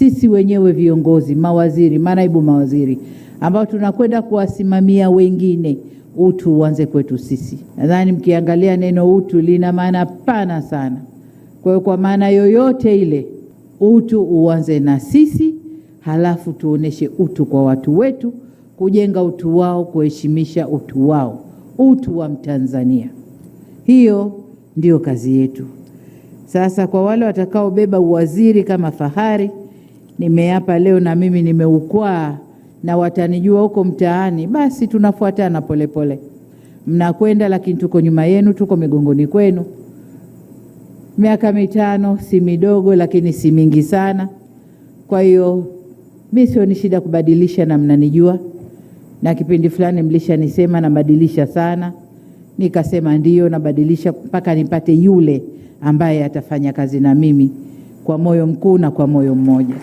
sisi wenyewe viongozi, mawaziri, manaibu mawaziri ambao tunakwenda kuwasimamia wengine, utu uanze kwetu sisi. Nadhani mkiangalia neno utu lina maana pana sana. Kwa hiyo, kwa maana yoyote ile, utu uanze na sisi, halafu tuoneshe utu kwa watu wetu, kujenga utu wao, kuheshimisha utu wao, utu wa Mtanzania. Hiyo ndiyo kazi yetu. Sasa kwa wale watakaobeba uwaziri kama fahari nimeapa leo na mimi nimeukwaa na watanijua huko mtaani, basi tunafuatana polepole, mnakwenda lakini tuko nyuma yenu, tuko migongoni kwenu. Miaka mitano si midogo, lakini si mingi sana. Kwa hiyo mi sio ni shida kubadilisha, na mnanijua, na kipindi fulani mlishanisema nabadilisha sana, nikasema ndiyo nabadilisha mpaka nipate yule ambaye atafanya kazi na mimi kwa moyo mkuu na kwa moyo mmoja.